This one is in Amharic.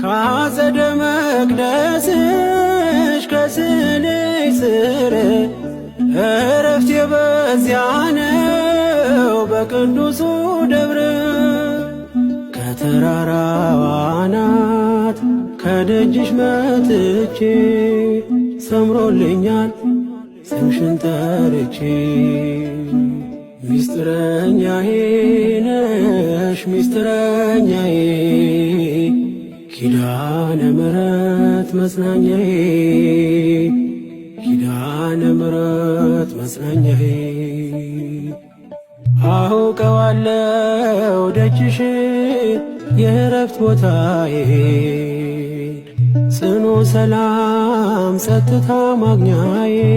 ከአጸደ መቅደስሽ ከስልሽ ስር እረፍት በዚያ ነው በቅዱሱ ደብረ ከተራራዋ ከደጅሽ መጥቼ ሰምሮልኛል ስምሽን ጠርቼ ሚስጥረኛዬ ነሽ ሚስጥረኛዬ ኪዳነ ምሕረት መጽናኛዬ ኪዳነ ምሕረት መጽናኛዬ አውቀዋለው ደጅሽ የእረፍት ቦታዬ ጽኑ ሰላም ጸጥታ ማግኛዬ